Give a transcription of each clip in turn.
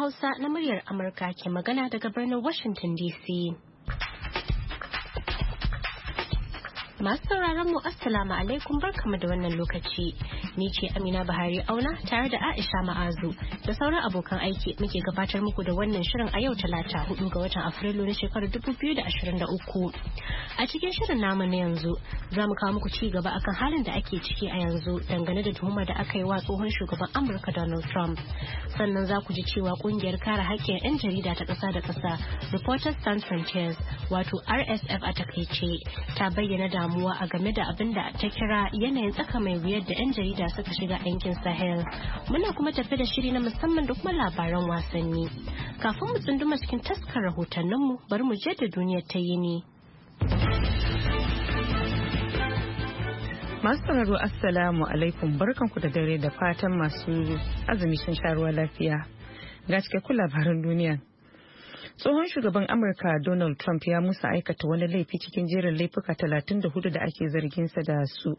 Hausa na muryar Amurka ke magana daga birnin Washington DC. Masu sauraron mu Assalamu alaikum barkamu da wannan lokaci. Ni ce Amina Buhari Auna tare da Aisha Ma'azu da sauran abokan aiki muke gabatar muku da wannan shirin a yau Talata hudu ga watan Afrilu na shekarar uku. A cikin shirin namu na yanzu za mu kawo muku ci gaba akan halin da ake ciki a yanzu dangane da tuhumar da aka yi wa tsohon shugaban Amurka Donald Trump. Sannan za ku ji cewa kungiyar kare haƙƙin 'yan jarida ta ƙasa da ƙasa Reporters Sans Frontiers wato RSF a takaice ta bayyana damu damuwa a game da abin da ta kira yanayin tsaka mai wuyar da 'yan jarida suka shiga yankin Sahel. Muna kuma tafi da shiri na musamman da kuma labaran wasanni. Kafin mu tsunduma cikin taskar rahotanninmu bari mu je da duniyar ta yi ne. Masu sauraro Assalamu alaikum barkanku da dare da fatan masu azumi sun sha ruwa lafiya. Ga cikakkun labaran duniya. tsohon shugaban amurka donald trump ya musa aikata wani laifi cikin jerin laifuka 34 da ake zarginsa da su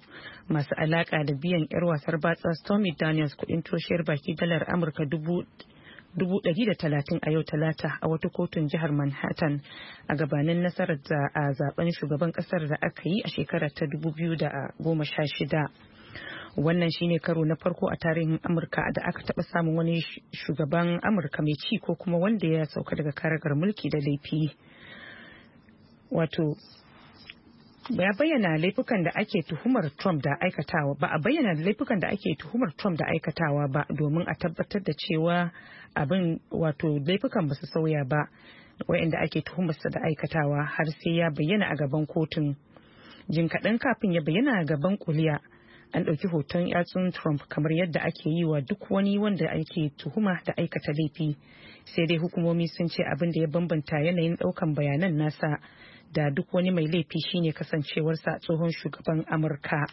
masu alaka da biyan 'yar wasar batsa stormy daniels kudin toshiyar baki dalar amurka 130 a yau talata a wata kotun jihar manhattan a gabanin nasarar da a zaben shugaban kasar da aka yi a shekarar ta 2016 wannan shine karo na farko a tarihin amurka da aka taba samun wani shugaban amurka mai ci ko kuma wanda ya sauka daga karagar mulki da laifi wato ya bayyana laifukan da ake tuhumar Trump da aikatawa ba a bayyana laifukan da ake tuhumar Trump da aikatawa ba domin a tabbatar da cewa abin wato laifukan ba su sauya ba wayanda ake tuhumarsa da aikatawa har sai ya bayyana a gaban kotun jin kaɗan kafin ya bayyana a gaban kuliya an ɗauki hoton yatsun trump kamar yadda ake yi wa duk wani wanda ake tuhuma da aikata laifi sai dai hukumomi sun ce abin da ya bambanta yanayin ɗaukan bayanan nasa da duk wani mai laifi shine kasancewarsa tsohon shugaban amurka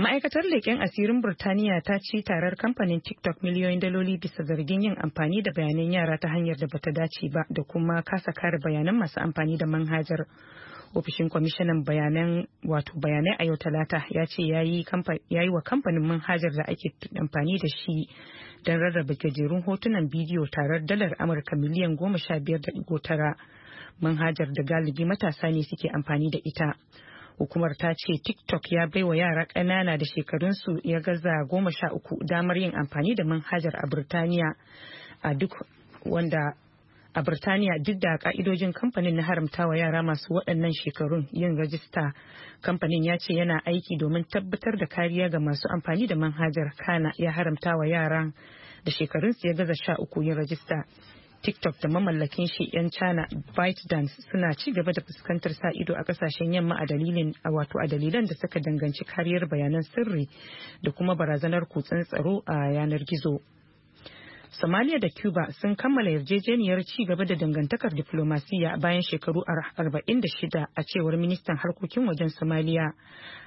Ma'aikatar leƙen asirin Burtaniya ta ci tarar kamfanin TikTok miliyoyin daloli bisa zargin yin amfani da bayanan yara ta hanyar da bata dace ba da kuma kasa kare bayanan masu amfani da manhajar. ofishin kwamishinan bayanan wato bayanai a yau talata ya ce ya yi wa kamfanin manhajar da ake amfani da shi don rarraba gajerun hotunan bidiyo tarar dalar amurka miliyan goma sha biyar da tara manhajar da galibi matasa ne suke amfani da ita hukumar ta ce tiktok ya bai wa yara ƙanana da shekarunsu ya gaza goma sha uku damar yin amfani da manhajar a birtaniya a duk wanda a Birtaniya duk da ka'idojin kamfanin na haramtawa yara masu waɗannan shekarun yin rajista. Kamfanin ya ce yana aiki domin tabbatar da kariya ga masu amfani da manhajar kana ya haramtawa yara da shekarunsu ya gaza sha uku yin rajista. TikTok da mamallakin shi 'yan China ByteDance suna ci gaba da fuskantar sa ido a kasashen yamma a dalilin a wato a dalilan da suka danganci kariyar bayanan sirri da kuma barazanar kutsen tsaro a yanar gizo. Somalia da Cuba sun kammala yarjejeniyar ci gaba da dangantakar diplomasiya bayan shekaru 46 a cewar ministan harkokin wajen Somalia.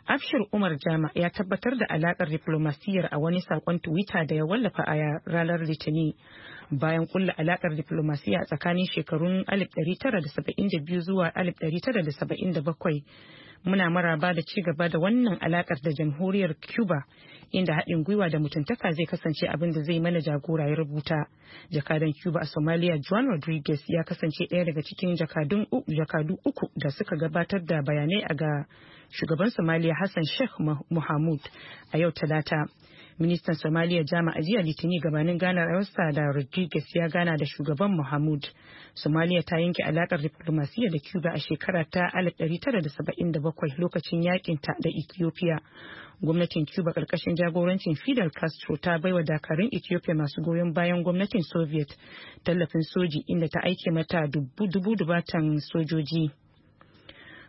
Afshir Umar Jama ya tabbatar da alakar diplomasiyar a wani sakon Twitter da ya wallafa a ranar Litinin. bayan kulla alakar diplomasiya a tsakanin shekarun 1972 zuwa 1977 muna maraba da ci gaba da wannan alakar da jamhuriyar cuba inda haɗin gwiwa da mutuntaka zai kasance abin da zai mana jagora ya rubuta jakadan cuba a somalia juan rodriguez ya kasance ɗaya daga cikin jakadu uku da suka gabatar da bayanai a ga shugaban somalia hassan sheikh mohamud a yau talata Ministan Somaliya Jama a jiya Litinin gabanin rawarsa da Rodriguez ya gana da shugaban Mohamud. Somaliya ta yanke alakar diplomasiyya da Cuba a shekara ta 1977 lokacin ta da Ethiopia. Gwamnatin Cuba karkashin jagorancin Fidel Castro ta baiwa dakarun Ethiopia masu goyon bayan gwamnatin Soviet tallafin soji inda ta aike mata dubu dubatan sojoji.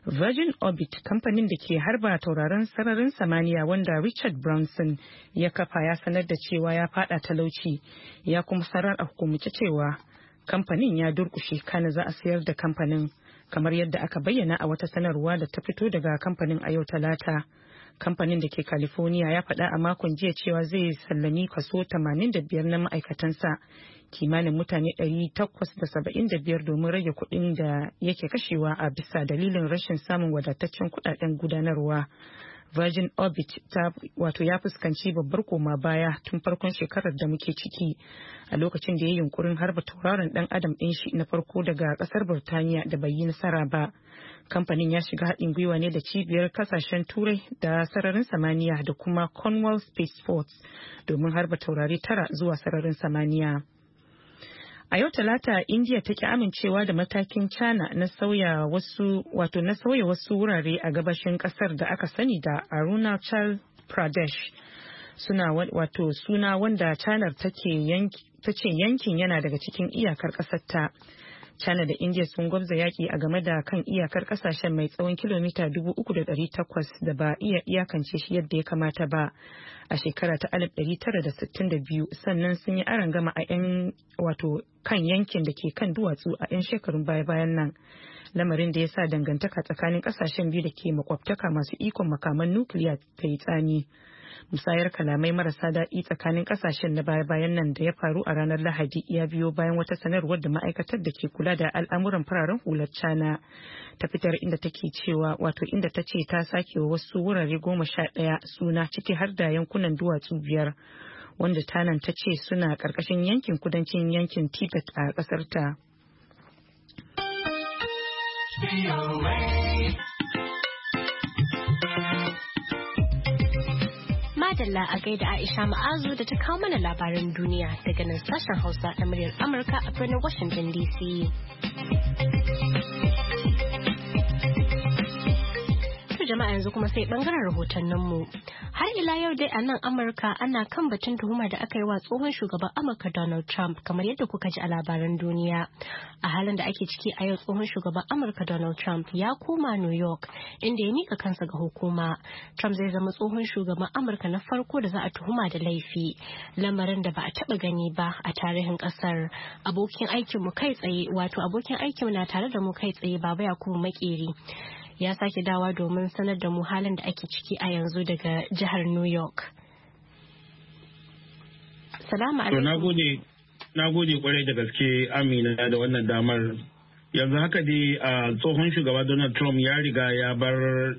Virgin Orbit kamfanin da ke harba tauraron sararin samaniya wanda Richard Branson ya kafa ya sanar da cewa ya fada talauci ya kuma sarar a hukumance cewa kamfanin ya durkushe kana za a sayar da kamfanin kamar yadda aka bayyana a wata sanarwa da ta fito daga kamfanin a yau talata. kamfanin da ke california ya faɗa a makon jiya cewa zai sallami kaso 85 na ma'aikatansa kimanin mutane 875 domin rage kuɗin da yake kashewa a bisa dalilin rashin samun wadataccen kuɗaɗen gudanarwa Virgin Orbit ta wato ya fuskanci babbar koma baya tun farkon shekarar da muke ciki a lokacin da ya yunkurin harba tauraron dan adam ɗin shi na farko daga ƙasar Burtaniya da bai yi nasara ba. Kamfanin ya shiga haɗin gwiwa ne da cibiyar ƙasashen Turai da sararin samaniya da kuma Cornwall Space Force domin harba taurari tara zuwa sararin samaniya. A yau Talata India ta ki amincewa da matakin China na sauya wasu wato na sauya wasu wurare a gabashin kasar da aka sani da Arunachal Pradesh. Suna wato suna wanda China ta ce yankin yana daga cikin iyakar ƙasarta. ta. China da India sun gwamza yaki a game da kan iyakar kasashen mai tsawon kilomita 3,800 da ba iya iyakance shi yadda ya kamata ba a shekara ta 1962 sannan sun yi gama a 'yan wato kan yankin da ke kan duwatsu a 'yan shekarun baya-bayan nan lamarin da ya sa dangantaka tsakanin kasashen biyu da ke makwabtaka masu ikon makaman nukiliya ta yi tsami. musayar kalamai marasa daɗi tsakanin ƙasashen na baya-bayan nan da ya faru a ranar lahadi ya biyo bayan wata sanarwar da ma'aikatar da ke kula da al'amuran fararen hular cana ta fitar inda take cewa wato inda ta ce ta sake wa wasu wurare goma sha ɗaya suna ciki har da yankunan duwatsu biyar wanda tanan ta ce suna ƙarƙashin yankin kudancin yankin tibet a ƙasarta. ta. madalla a gaida Aisha Ma'azu da ta kawo mana labaran duniya daga nan sashen Hausa na muryar Amurka a birnin Washington DC. jama'a yanzu kuma sai bangaren rahotanninmu. Har ila yau dai a nan Amurka ana kan batun tuhumar da aka yi wa tsohon shugaban Amurka Donald Trump kamar yadda kuka ji a labaran duniya. A halin da ake ciki a yau tsohon shugaban Amurka Donald Trump ya koma New York inda ya mika kansa ga hukuma. Trump zai zama tsohon shugaban Amurka na farko da za a tuhuma da laifi. Lamarin da ba a taba gani ba a tarihin kasar. Abokin aikinmu kai tsaye wato abokin aikinmu na tare da mu kai tsaye Baba Yakubu Makeri. ya sake dawa domin sanar da mu halin da ake ciki a yanzu daga jihar New York. Salamu alaikum. Na gode kwarai da gaske Amina da wannan damar. Yanzu haka dai a ah, tsohon shugaba Donald Trump ya riga ya bar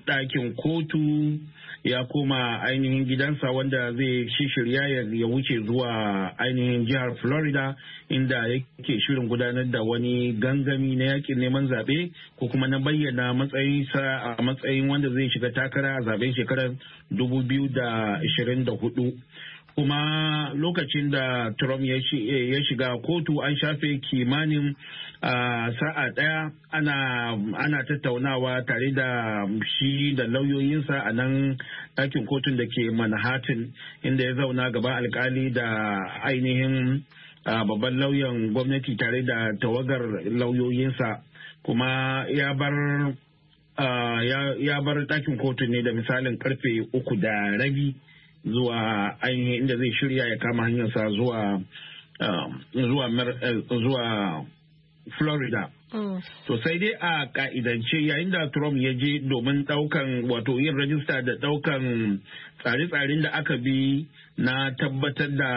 ɗakin kotu ya koma ainihin gidansa wanda zai shishirya ya wuce zuwa ainihin jihar florida inda yake shirin gudanar da wani gangami na yakin neman zaɓe ko kuma na bayyana matsayinsa a matsayin wanda zai shiga takara a zaben shekarar 2024 kuma lokacin da trump ya shiga kotu an shafe kimanin a sa'a ɗaya ana tattaunawa tare da shi da lauyoyinsa a nan ɗakin kotun da ke manhattan inda ya zauna gaba alkali da ainihin babban lauyan gwamnati tare da tawagar lauyoyinsa kuma ya bar ya bar ɗakin kotun ne da misalin karfe uku da rabi zuwa ainihin inda zai shirya ya kama hanyarsa zuwa zuwa Florida. Mm. So sai dai a ka'idance yayin da Trump ya je domin daukan wato yin rajista da daukan tsare-tsaren da aka bi na tabbatar da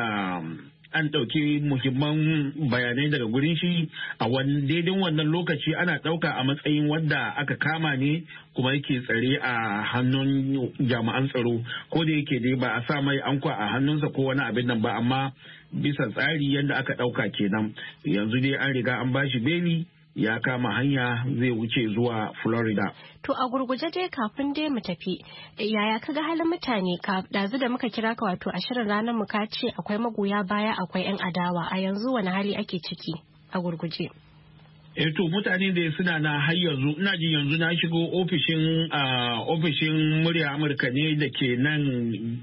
an ɗauki muhimman bayanai daga gurin shi a daidai wannan lokaci ana ɗauka a matsayin wanda aka kama ne kuma yake tsare a hannun jami'an tsaro ko da yake dai ba a sa mai ankwa a hannunsa ko wani abin nan ba amma bisa tsari yadda aka ɗauka kenan yanzu dai an riga an bashi beli ya kama hanya zai wuce zuwa Florida. To a gurguje dai kafin dai mu tafi, yaya ka ga halin mutane ka?" dazu da muka kira ka wato a shirin ranar mu ka ce akwai magoya baya akwai 'yan adawa a yanzu wani hali ake ciki a gurguje. eh to mutane da suna na har yanzu ina ji yanzu na shigo ofishin ofishin murya amurka ne da ke nan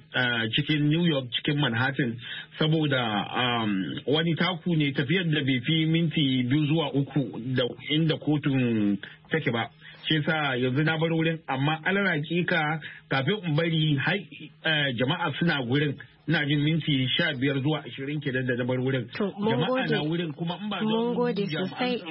cikin new york cikin manhattan saboda um, wani taku ne tafiyar da bai fi minti biyu zuwa uku da inda kotun take ba shi sa yanzu na bar wurin amma alal hakika kafin in bari eh, jama'a suna gurin ina jin minti sha biyar zuwa ashirin ke da dabar wurin. Jama'a na wurin kuma in ba Mun gode sosai.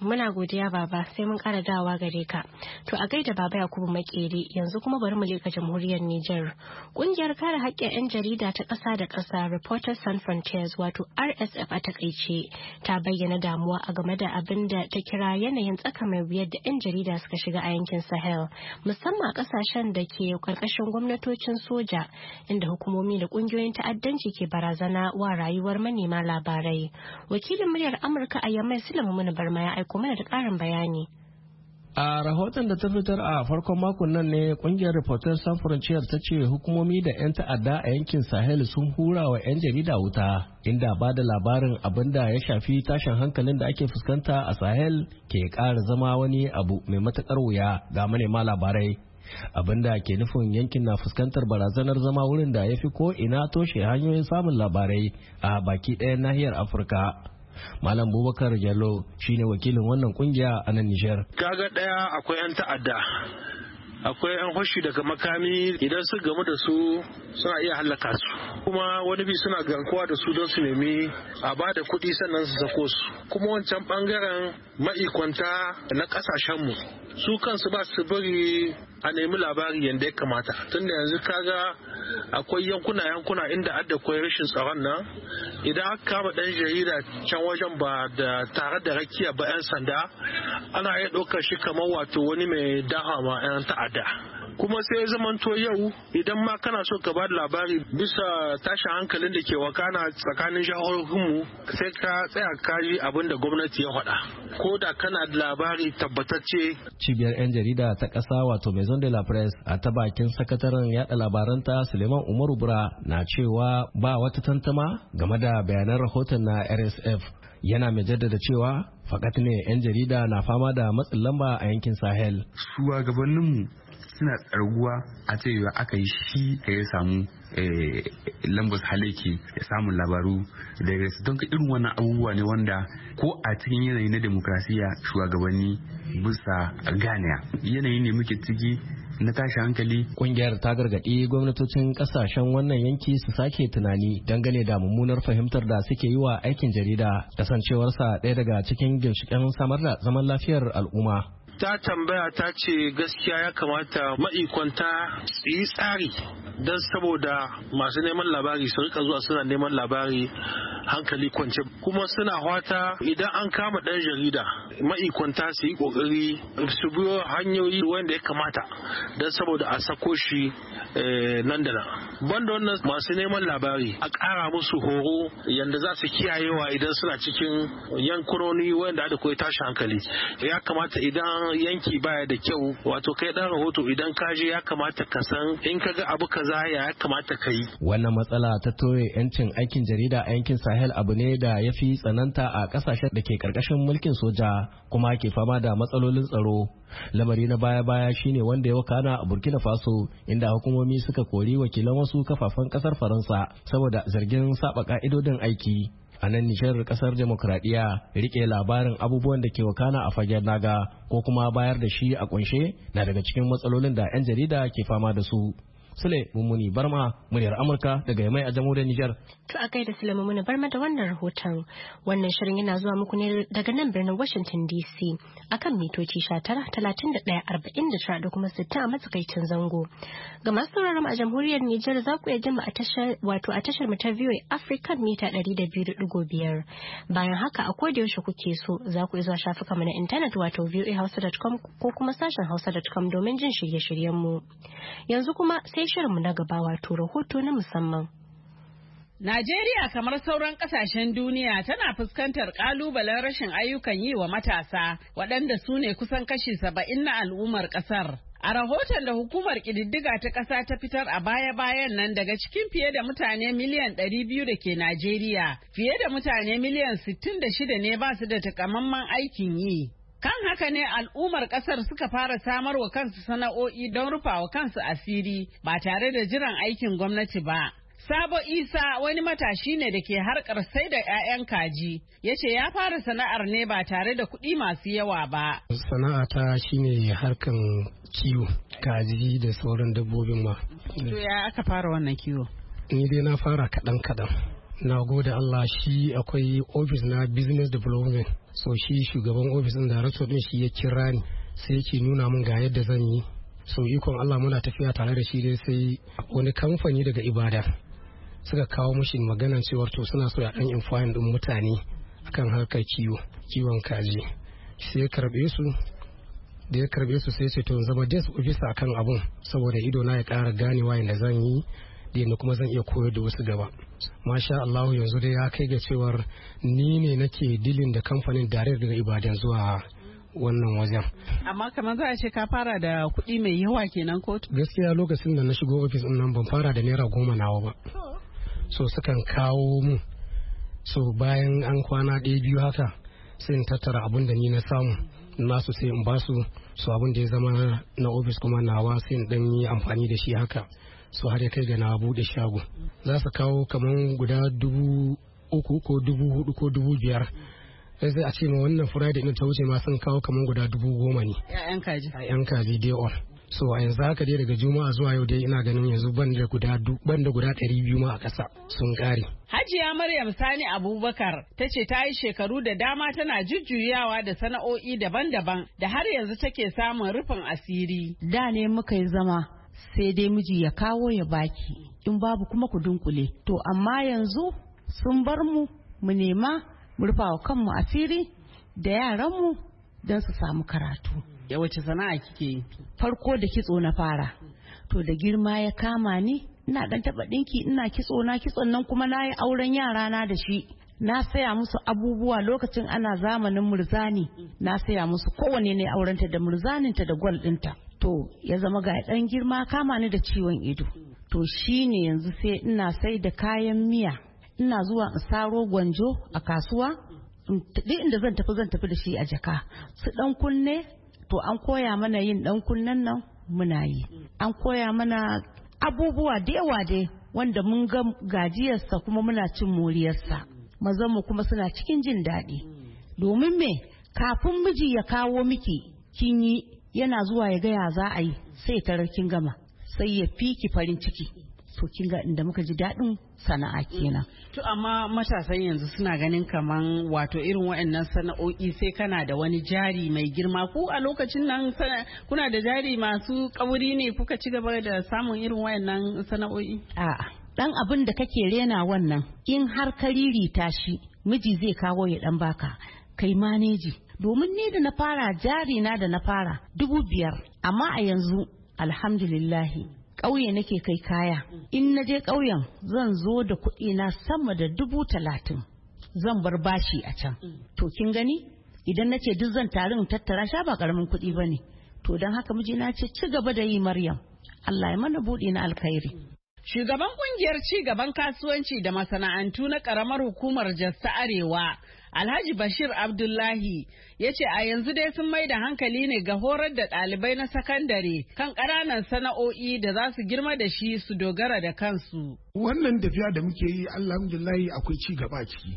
Muna godiya baba sai mun kara dawa gare ka. To a gaida baba Yakubu Makeri yanzu kuma bari mu leka jamhuriyar Nijar. Kungiyar kare haƙƙin 'yan jarida ta ƙasa da ƙasa Reporters San Frontiers wato RSF a takaice ta bayyana damuwa a game da abin da ta kira yanayin tsaka mai wuyar da 'yan jarida suka shiga a yankin Sahel musamman a ƙasashen da ke ƙarƙashin gwamnatocin soja inda hukumomi da da kungiyoyin ta'addanci ke barazana wa rayuwar manema labarai. Wakilin muryar Amurka a Yamai Sulaimu Muna Barma ya aiko mana da ƙarin bayani. A rahoton da ta fitar a farkon makon nan ne kungiyar Reporters San Frontier ta ce hukumomi da 'yan ta'adda a yankin Sahel sun hura wa 'yan jarida wuta inda ba da labarin abin da ya shafi tashin hankalin da ake fuskanta a Sahel ke ƙara zama wani abu mai matakar wuya ga manema labarai abinda ke nufin yankin na fuskantar barazanar zama wurin da ya fi ko ina toshe hanyoyin samun labarai a baki ɗayan nahiyar afirka Malam Bubakar Jallo shine wakilin wannan kungiya a nan Nijar. Kaga ɗaya akwai 'yan ta'adda akwai 'yan fashi daga makami idan su gamu da su suna iya hallaka su kuma wani bi suna gankuwa da su don su nemi a ba da kuɗi sannan su sako su kuma wancan bangaren ma'ikwanta na ƙasashenmu su kansu ba su bari a nemi labari yadda ya kamata tunda yanzu kaga akwai yankuna yankuna inda adda kwai rashin tsaron nan idan aka kama dan jarida can wajen ba da tare da rakiya ba yan sanda ana iya ɗaukar shi kamar wato wani mai daha ma yan ta'adda kuma sai ya zamanto yau idan ma kana so ka bada labari bisa tashin hankalin da ke wakana tsakanin mu sai ka tsaya kaji abin da gwamnati ya faɗa ko da kana da labari tabbatacce cibiyar 'yan jarida ta ƙasa wato maison de la presse a ta bakin sakataren yada labaranta suleiman umaru bura na cewa ba wata tantama game da bayanan rahoton na rsf yana mai jaddada cewa fakat ne 'yan jarida na fama da matsin lamba a yankin sahel Suwa shugabanninmu suna tsarguwa a cewa aka yi shi ka ya samu eh, lambus halaki ya samun labaru da ya don ka irin wannan abubuwa ne wanda ko a cikin yanayi na demokrasiya shugabanni bisa ganiya yanayi ne muke ciki na tashi hankali. Kungiyar ta gargaɗi gwamnatocin ƙasashen wannan yanki su sake tunani dangane da mummunar fahimtar da suke yi wa aikin jarida kasancewarsa ɗaya daga cikin ginshiƙen samar da zaman lafiyar al'umma. ta tambaya ta ce gaskiya ya kamata ma'ikwanta su yi tsari don saboda masu neman labari su rika zuwa suna neman labari hankali kwance kuma suna hwata idan an kama ɗan jarida ma'ikwanta su yi kokari su biyo hanyoyi wanda ya kamata don saboda a sako shi eh, nan da nan banda wannan masu neman labari a ƙara musu horo yadda za su kiyayewa idan suna cikin yankuroni wanda da kawai tashi hankali ya kamata idan yanki baya da kyau wato kai dan rahoto idan ka je ya kamata ka san in ka ga abu kaza ya kamata ka yi wannan matsala ta toye yancin aikin jarida a yankin sahel abu ne da ya fi tsananta a kasashen da ke karkashin mulkin soja kuma ke fama da matsalolin tsaro lamari na baya-baya shine wanda ya wakana a burkina faso inda hukumomi suka kori wakilan wasu kafafen kasar faransa saboda zargin saba ka'idodin aiki a nan nishar kasar demokradiyya rike labarin abubuwan da ke wakana a fagen naga ko kuma bayar da shi a kunshe na daga cikin matsalolin da 'yan jarida ke fama da su Sule Mummuni Barma muryar Amurka daga Yamai a jamhuriyar Nijar. To a da Sule Mummuni Barma da wannan rahoton. Wannan shirin yana zuwa muku ne daga nan birnin Washington DC akan mitoci 19 da kuma 60 a matsakaicin zango. Ga masu sauraron a jamhuriyar Nijar za ku iya jima a tashar wato a tashar mu ta VOA African mita 200.5. Bayan haka a koda yaushe kuke so za ku iya zuwa shafukanmu na intanet wato voahausa.com ko kuma sashen hausa.com domin jin shirye-shiryen mu. Yanzu kuma sai shirinmu na gaba wato rahoto na musamman. Najeriya kamar sauran kasashen duniya tana fuskantar kalubalen rashin ayyukan yi wa matasa waɗanda su ne kusan kashi saba'in na al'ummar ƙasar. A rahoton da hukumar ƙididdiga ta ƙasa ta fitar a baya-bayan nan daga cikin fiye da mutane miliyan 200 da ke Najeriya, fiye da mutane miliyan sittin da shida ne ba su da takamaiman aikin yi. Kan haka ne al'ummar ƙasar suka fara samar wa kansu sana'o'i don rufa wa kansu asiri ba tare da jiran aikin gwamnati ba. Sabo Isa wani matashi ne da ke harkar sai da 'ya'yan kaji, ya ce ya fara sana'ar ne ba tare da kuɗi masu yawa ba. Sana'ata shine harkan kiwo, kaji da sauran dabbobin ma. To ya aka fara wannan kiwo? Ni dai na fara kaɗan-kaɗan. na gode Allah shi akwai ofis na business development so shi shugaban ofis din da din shi ya kira ni sai yake nuna min ga yadda zan yi so ikon Allah muna tafiya tare da shi dai sai wani kamfani daga ibada suka kawo mashi maganan cewar to suna so ya dan infayin din mutane akan harkar kiwo kiwon kaji sai ya karbe su da ya karbe su sai ce to zama desk officer akan abun saboda ido na ya kara ganewa inda zan yi addini kuma zan iya koyar da wasu gaba masha Allah yanzu dai ya kai ga cewar ni ne nake dilin da kamfanin direct daga Ibadan zuwa wannan wajen. Amma kamar za a ce ka fara da kuɗi mai yawa kenan ko? Gaskiya lokacin da na shigo ofis din nan ban fara da naira goma nawa ba. So sukan kawo mu. So bayan an kwana ɗaya biyu haka sai in tattara abin da ni na samu. Nasu sai in basu su abin da ya zama na ofis kuma nawa sai in ɗan yi amfani da shi haka. su har ya kai ga na bude shago za su kawo kamar guda dubu uku ko dubu hudu ko dubu biyar sai sai a ce ma wannan friday din ta wuce ma sun kawo kamar guda dubu goma ne ƴaƴan kaji ƴaƴan kaji day all so a yanzu haka dai daga juma'a zuwa yau dai ina ganin yanzu ban da guda ban da guda ɗari biyu ma a ƙasa sun ƙare. Hajiya Maryam Sani Abubakar ta ce ta yi shekaru da dama tana jujjuyawa da sana'o'i daban-daban da har yanzu take samun rufin asiri. Da ne muka yi zama sai dai miji ya kawo ya baki in babu kuma ku dunkule to amma yanzu sun bar mu mu nema mu rufa wa kanmu asiri da yaranmu don su samu karatu ya wace sana'a kike yi farko da kitso na fara to da girma ya kama ni ina dan taba dinki ina kitso na kitson nan kuma na yi auren yara na da shi na saya musu abubuwa lokacin ana zamanin murzani na saya musu kowane ne aurenta da murzaninta da gwal dinta to ya zama ga ɗan girma kama ni da ciwon ido to shine yanzu sai ina sai da kayan miya ina zuwa in saro gwanjo a kasuwa duk inda zan tafi zan tafi da shi a jaka su dan kunne to an koya mana yin dan kunnen nan muna yi an koya mana abubuwa da yawa dai wanda mun ga gajiyarsa kuma muna cin moriyarsa mazan mu kuma suna cikin jin daɗi domin me kafin miji ya kawo miki kin yi yana zuwa ya gaya za a yi sai tarar kin gama sai ya fi ki farin ciki to kin ga inda muka ji daɗin sana'a kenan. To amma matasan yanzu suna ganin kaman wato irin wa'annan sana'o'i sai kana da wani jari mai girma ku a lokacin nan kuna da jari masu kauri ne kuka ci gaba da samun irin wa'annan sana'o'i? A'a dan abin da kake rena wannan in har kariri tashi miji zai kawo ya dan baka kai maneji domin ni da na fara jari na da na fara dubu biyar amma a yanzu alhamdulillahi ƙauye nake kai kaya in na je ƙauyen zan zo da kuɗi na sama da dubu talatin zan bar bashi a can to kin gani idan na ce duk zan tarin tattara sha ba ƙaramin kuɗi ba ne to don haka na ce ci gaba da yi maryam allah ya mana buɗi na alkhairi Shugaban kungiyar ci gaban kasuwanci da masana'antu na ƙaramar hukumar Jasta Arewa, Alhaji Bashir Abdullahi ya ce a yanzu dai sun mai da hankali ne ga horar da ɗalibai na sakandare kan ƙananan sana'o'i da za su girma da shi su dogara da kansu. Wannan tafiya da muke yi alhamdulillahi akwai ci gaba ciki.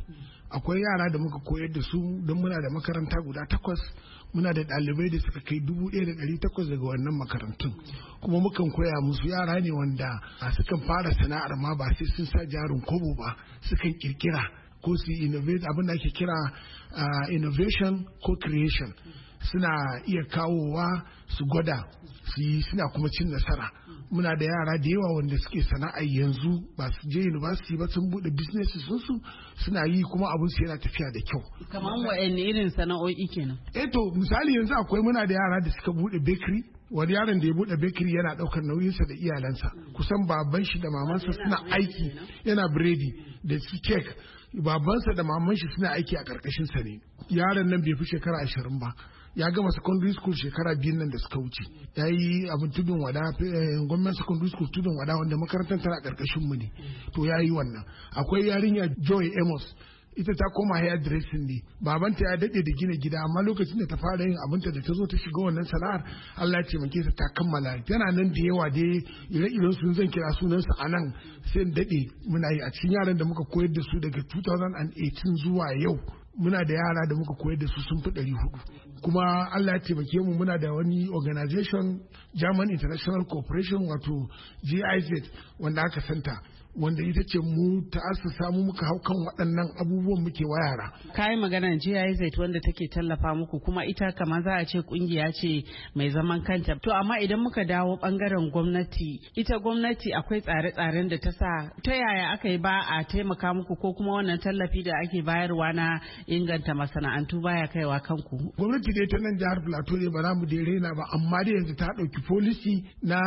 Akwai yara da muka koyar da su don muna da makaranta guda takwas muna da ɗalibai da suka kai dubu ɗaya da ɗari takwas daga wannan makarantun kuma mukan koya musu yara ne wanda sukan fara sana'ar ma ba sai sun sa jarin kobo ba sukan kirkira ko su innovate abin da ake kira innovation ko creation suna iya kawowa su gwada su yi suna kuma cin nasara muna da yara da yawa wanda suke sana'a yanzu ba su je university ba sun bude business sun su suna yi kuma abun su yana tafiya da kyau kamar wa'anne irin sana'o'i kenan eh to misali yanzu akwai muna da yara da suka bude bakery wani yaron da ya bude bakery yana daukar nauyinsa da iyalansa kusan baban shi da mamansa suna aiki yana biredi da su kek babansa da maman shi suna aiki a karkashin sa ne yaron nan bai fi shekara ashirin ba ya gama secondary school shekara biyun nan da suka wuce Yayi yi abin tudun wada eh, gwamnan secondary school tudun wada wanda makarantar tana karkashin mu ne to yayi wannan akwai yarinya joy amos ita ta koma haya dressing ne babanta ya dade da gina gida amma lokacin da ta fara yin abinta da ta zo ta shiga wannan sana'ar Allah ya taimake ta ta kammala tana nan da yawa dai ire-iren sun zan kira sunan su anan sai dade muna yi a cikin yaran da muka koyar da su daga 2018 zuwa yau muna da yara da muka koyar da su sun fi ɗari hudu kuma Allah ya taimake mu muna da wani organization German International Corporation wato GIZ wanda aka santa wanda ita ce mu ta'assasa mu muka hau kan waɗannan abubuwan muke wayara. yara. yi maganar GIZ wanda take tallafa muku kuma ita kama za a ce kungiya ce mai zaman kanta. To amma idan muka dawo ɓangaren gwamnati, ita gwamnati akwai tsare-tsaren da ta sa ta yaya aka yi ba a taimaka muku ko kuma wannan tallafi da ake bayarwa na inganta masana'antu baya kaiwa kanku. Gwamnati dai ta nan jihar Plateau ne ba mu dai raina ba amma dai yanzu ta ɗauki policy na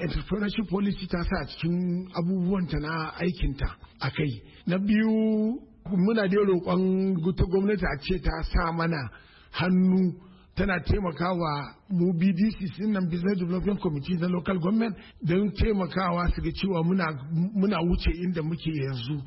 entrepreneurship policy ta sa cikin abubuwanta na aikinta a kai. Na biyu muna dai roƙon ta gwamnati a ce ta sa mana hannu tana taimakawa mu BDC sinan Business Development Committee na local government don taimakawa su ga cewa muna wuce inda muke yanzu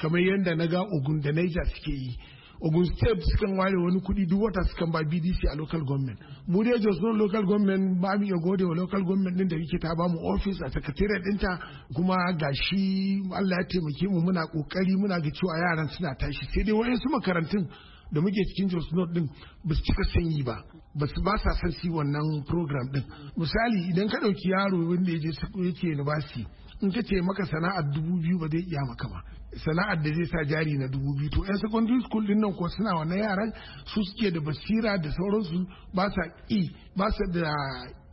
kamar yadda na ga ogun da Niger suke yi ogun state sukan ware wani kudi duk wata sukan ba bdc a local government mu dai jos non local government ba mu iya gode wa local government din da yake ta ba mu office a secretariat dinta kuma gashi Allah ya taimake mu muna kokari muna ga cewa yaran suna tashi sai dai su makarantun da muke cikin jos not din ba su cika sanyi ba ba su ba sa son wannan program din misali idan ka dauki yaro wanda ya je yake university in ka ce maka sana'ar dubu biyu ba zai iya maka ba sana'ar da zai sa jari na dubu biyu to 'yan secondary school din nan ko suna na yaran su suke da basira da sauransu ba sa ƙi ba sa da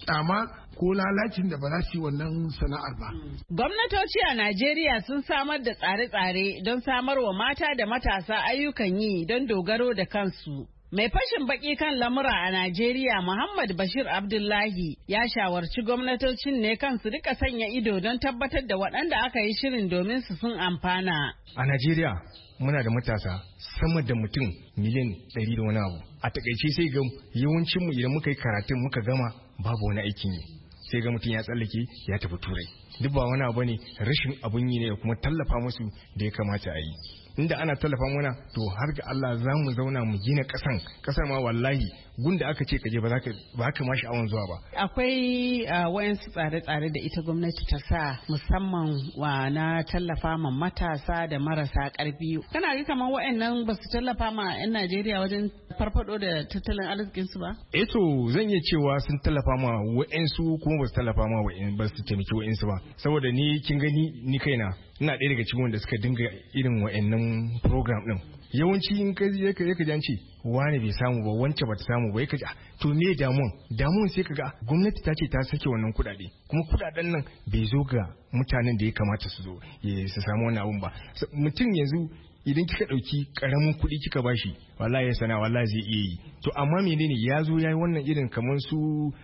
kyama ko lalacin da ba za su wannan sana'ar ba. Gwamnatoci a Najeriya sun samar da tsare-tsare don samar wa mata da matasa ayyukan yi don dogaro da kansu. Mai fashin baki kan lamura a Najeriya Muhammad Bashir Abdullahi ya shawarci gwamnatocin ne kan su rika sanya ido don tabbatar da waɗanda aka yi shirin domin su sun amfana. A Najeriya muna da matasa sama da mutum miliyan ɗari da wani abu. A takaice sai ga yawancinmu idan muka yi karatun muka gama babu wani aikin yi. Sai ga mutum ya tsallake ya tafi turai. Duk ba wani abu ne rashin abun yi ne kuma tallafa musu da ya kamata a yi. inda ana tallafa muna to har ga Allah za mu zauna mu gina kasan ƙasar ma wallahi gunda aka ce kaje ba za ka ba ka mashi awon zuwa ba akwai ah, wayansu tsare-tsare da ita gwamnati ta sa musamman wa na tallafa ma matasa da marasa karfi kana ga kamar wayannan ba su tallafa ma yan Najeriya wajen farfado da tattalin arzikin su ba eh to zan iya cewa sun tallafa ma wayansu kuma ba su tallafa ma wayan ba su taimaki wayansu ba saboda ni kin gani ni kaina ina ɗaya daga cikin wanda suka dinga irin wayannan program din yawanci in ka je ka yaka an wani bai samu ba wance bata samu ba yaka ji ah, to me damuwan damuwan sai kaga gwamnati ta ce ta sake wannan kudade kuma kudaden nan bai zo ga mutanen da ya kamata su zo eh, su samu wani abun ba mutum yanzu idan kika dauki karamin kuɗi kika bashi wallahi ya sana wallahi zai iya yi to amma menene ya zo ya yi wannan irin kamar su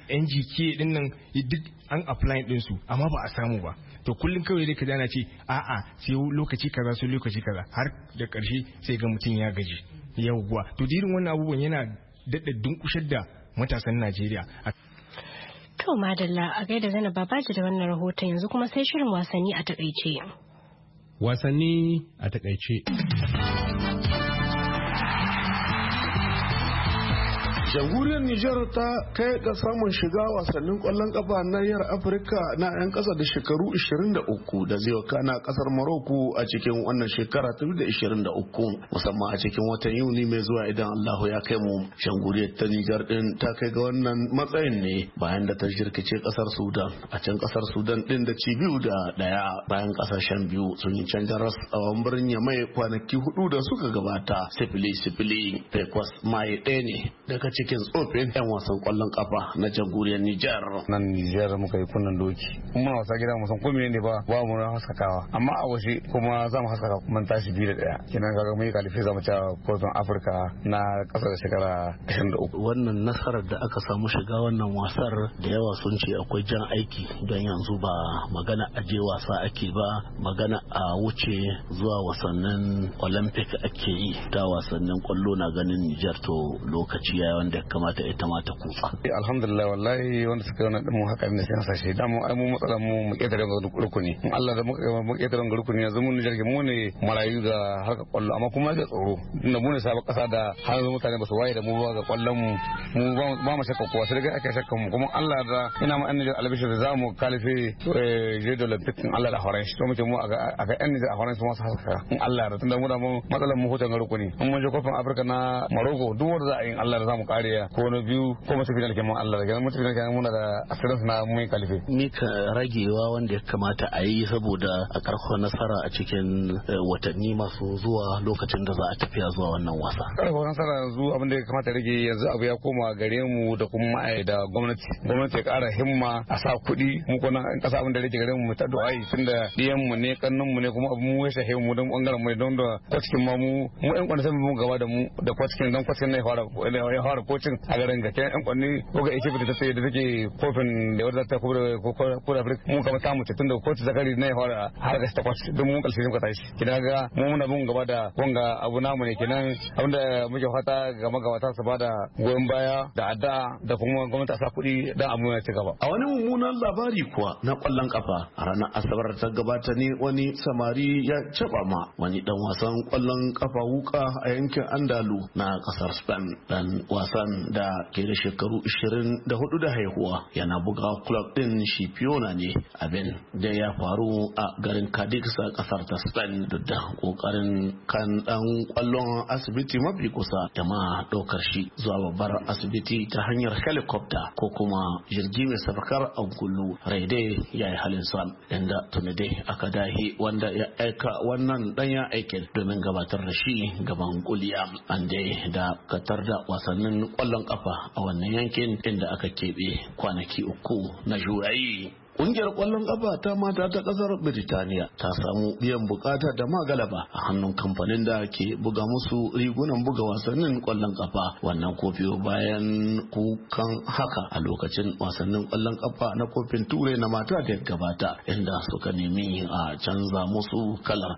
NGK din nan duk an apply din su amma ba a samu ba to kullum kawai dai ka dana ce a'a sai lokaci kaza sai lokaci kaza har da karshe sai ga mutum ya gaji yawwa to dirin wannan abubuwan yana dadda dunkushar da matasan Najeriya To madalla a gaida Zainab Babaji da wannan rahoton yanzu kuma sai shirin wasanni a takaice. wasanni a takaice. jamhuriyar Nijar ta kai ga samun shiga wasannin kwallon kafa na yar afirka na 'yan kasa da shekaru 23 da zai kana kasar maroko a cikin wannan shekara 2023 musamman a cikin watan yuni mai zuwa idan allahu ya kai mu jamhuriyar ta Nijar din ta kai ga wannan matsayin ne bayan da ta jirkice kasar sudan a can kasar sudan din da ci da daya bayan kasashen biyu sun yi canjin rasawan birnin ya mai kwanaki hudu da suka gabata sifili sifili fekwas mai ɗaya ne daga cikin tsofin 'yan wasan kwallon kafa na jamhuriyar Nijar. Nan Nijar muka yi kunnan doki. Muna wasa gida musan ko ne ba ba mu na haskakawa amma a waje kuma za mu haskaka kuma tashi biyu da ɗaya Kenan ga mun yi kalifi za mu ci kofin Afirka na kasar da shekara 23. Wannan nasarar da aka samu shiga wannan wasar da yawa sun ce akwai jan aiki don yanzu ba magana aje wasa ake ba magana a wuce zuwa wasannin Olympic ake yi ta wasannin kwallo na ganin Nijar to lokaci ya da kamata ita ma ta kutsa. Eh, alhamdulillah wallahi wanda suka wani ɗin mu haka ne sai sashi da mu ai mu matsala mu mu ƙetare mu rukuni in Allah da muka mu ƙetare mu rukuni yanzu mun Nijar mu ne marayu ga haka kwallo amma kuma ga tsoro tunda mu ne sabon kasa da har yanzu mutane ba su waye da mu ba ga kwallon mu mu ba mu shakka kowa sai dai ake shakka mu kuma Allah da ina ma annabi albishi da zamu kalife eh, je da in Allah da horan shi to muke mu a ga yan Nijar a horon su masu haska in Allah da tunda mu da mu matsalan mu hutun rukuni mun je kofin Afirka na Morocco duk wanda za a yi Allah da zamu Zaria ko na biyu ko masu fitar kenan Allah daga masu fitar kenan muna da asirin na mun kalife. Ni ka ragewa wanda ya kamata a yi saboda a karfafa nasara a cikin eh, watanni masu zuwa lokacin da za a tafiya zuwa wannan wasa. Karfafa nasara yanzu abin da ya kamata rage yanzu abu ya koma gare mu da kuma da gwamnati. Gwamnati ya kara himma a sa kuɗi mu kuma in kasa abin da rage gare mu mu ta du'ai tunda ɗiyan mu ne kannan mu ne kuma abu mu ya shahe mu don bangaren mu don da kwaskin ma mu mu ƴan kwanasan mu gaba da mu da kwaskin don kwaskin ne ya fara kocin a garin ga kenan yan kwanni ko ga Egypt ta sai da take kofin da wadda ta kubura ko kura Africa mun kama ta mutu tunda kotu zakari ne fara har ga takwas don mun kalshe muka tashi kina ga mu muna bin gaba da wanga abu namu ne kenan abinda muke fata ga magabata su bada goyon baya da addu'a da kuma gwamnati sa kuɗi dan abu ya ci gaba a wani mummunan labari kuwa na kwallon kafa a ranar asabar ta gabata ne wani samari ya caba ma wani dan wasan kwallon kafa wuka a yankin Andalu na kasar Spain dan wasan Hassan da ke da shekaru 24 da haihuwa yana buga club din fiona ne abin da ya faru a garin Cadiz a kasar ta Spain duk da kokarin kan dan kwallon asibiti mafi kusa da ma daukar shi zuwa babbar asibiti ta hanyar helicopter ko kuma jirgi mai safakar angulu raide ya yi halin sa inda tunade aka dahi wanda ya aika wannan dan ya aikin domin gabatar da shi gaban kuliya an dai da katar da wasannin kwallon kafa a wannan yankin inda aka keɓe kwanaki uku na jurayi Ƙungiyar ƙwallon ƙafa ta mata ta ƙasar Birtaniya ta samu biyan bukata da ma Galaba a hannun kamfanin da ke buga musu rigunan buga wasannin kwallon ƙafa wannan kofi bayan kukan haka a lokacin wasannin kwallon ƙafa na kofin turai na mata da gabata inda suka nemi a canza musu kalar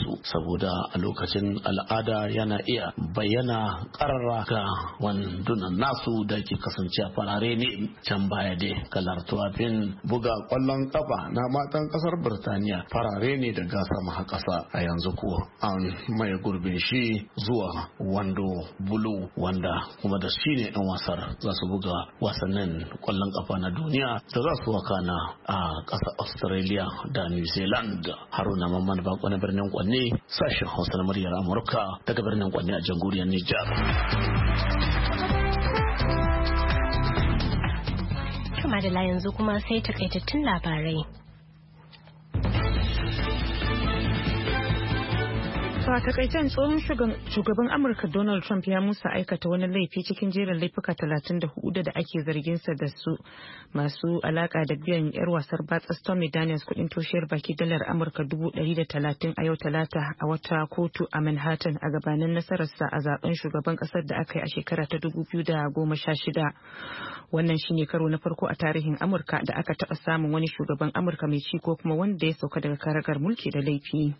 su saboda a lokacin al'ada yana iya bayyana ƙararraka ga wandunan nasu da ke kasance a farare ne can baya dai kalar tuwafin buga kwallon kafa na matan kasar birtaniya farare ne da sama ƙasa a yanzu ko an mai gurbin shi zuwa wando bulu wanda kuma da shi ne 'yan wasar za su buga wasannin kwallon kafa na duniya da za su wakana a ƙasa australia da new zealand haruna mamman bako na birnin kwanne sashen hausa na muryar amurka daga birnin kwanne a jamhuriyar nijar Kama da yanzu kuma sai takaitattun labarai. ka a takaicen tsohon shugaban Amurka Donald Trump ya musa aikata wani laifi cikin jerin laifuka 34 da ake zarginsa da su masu alaka da biyan yar wasar batsa Stormy Daniels kudin toshiyar baki dalar Amurka 130 a yau talata a wata kotu a Manhattan a gabanin sa a zaben shugaban kasar da aka yi a shekara ta 2016. Wannan shine karo na farko a tarihin Amurka da aka taba samun wani shugaban Amurka mai ci ko kuma wanda ya sauka daga karagar mulki da laifi.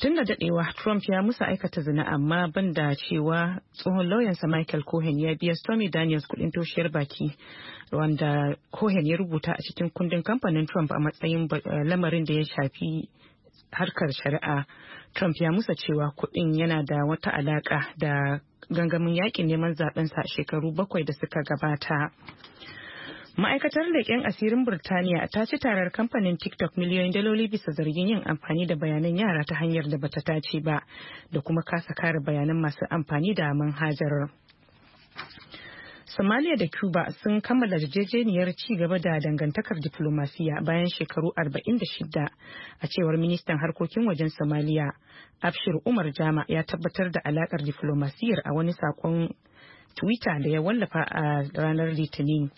Tun da dadewa Trump ya musa aikata zina amma ban da cewa tsohon lauyansa Michael Cohen ya biya Stormy Daniels kudin toshiyar baki wanda Cohen ya rubuta a cikin kundin kamfanin Trump a matsayin eh, lamarin da ya shafi harkar shari'a. Trump ya musa cewa kudin yana da wata alaka da gangamin yakin neman zaben sa shekaru bakwai da suka gabata. Ma'aikatar leƙen asirin Burtaniya ta ci tarar kamfanin TikTok miliyoyin daloli bisa zargin yin amfani da bayanan yara ta hanyar da bata tace ba da kuma kasa kare bayanan masu amfani da manhajar. Somalia da Cuba sun kammala yarjejeniyar ci gaba da dangantakar diplomasiya bayan shekaru 46 a cewar ministan harkokin wajen Somalia. Abshir Umar Jama ya tabbatar da alakar diplomasiyar a wani sakon Twitter da ya wallafa a ranar Litinin.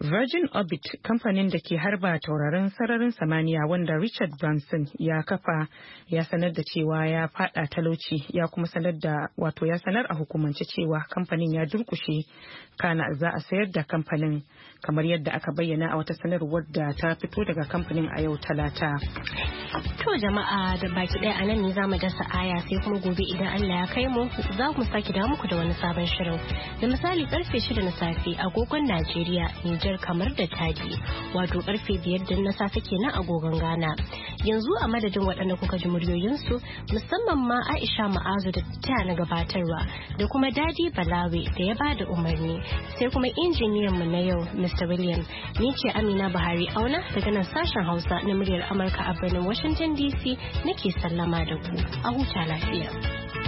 Virgin Orbit kamfanin da ke harba taurarin sararin samaniya wanda Richard Branson ya kafa ya sanar da cewa ya fada talauci ya kuma sanar da wato ya sanar a hukumance cewa kamfanin ya durkushe kana za a sayar da kamfanin kamar yadda aka bayyana a wata sanarwar da ta fito daga kamfanin a yau talata. To jama'a da baki ɗaya a nan ne za mu dasa aya sai kuma gobe idan Allah ya kai mu za mu sake da muku da wani sabon shirin. Da misali karfe shida na safe agogon Najeriya Nijar kamar da taki wato karfe biyar da na safe kenan agogon Ghana. Yanzu a madadin waɗanda kuka ji muryoyinsu musamman ma Aisha Ma'azu da ta na gabatarwa da kuma Dadi Balawe da ya bada umarni sai kuma injiniyan mu na yau Mr. William ni ce Amina Buhari auna daga nan sashen Hausa na muryar Amurka a birnin Washington DC nake sallama da ku a huta lafiya.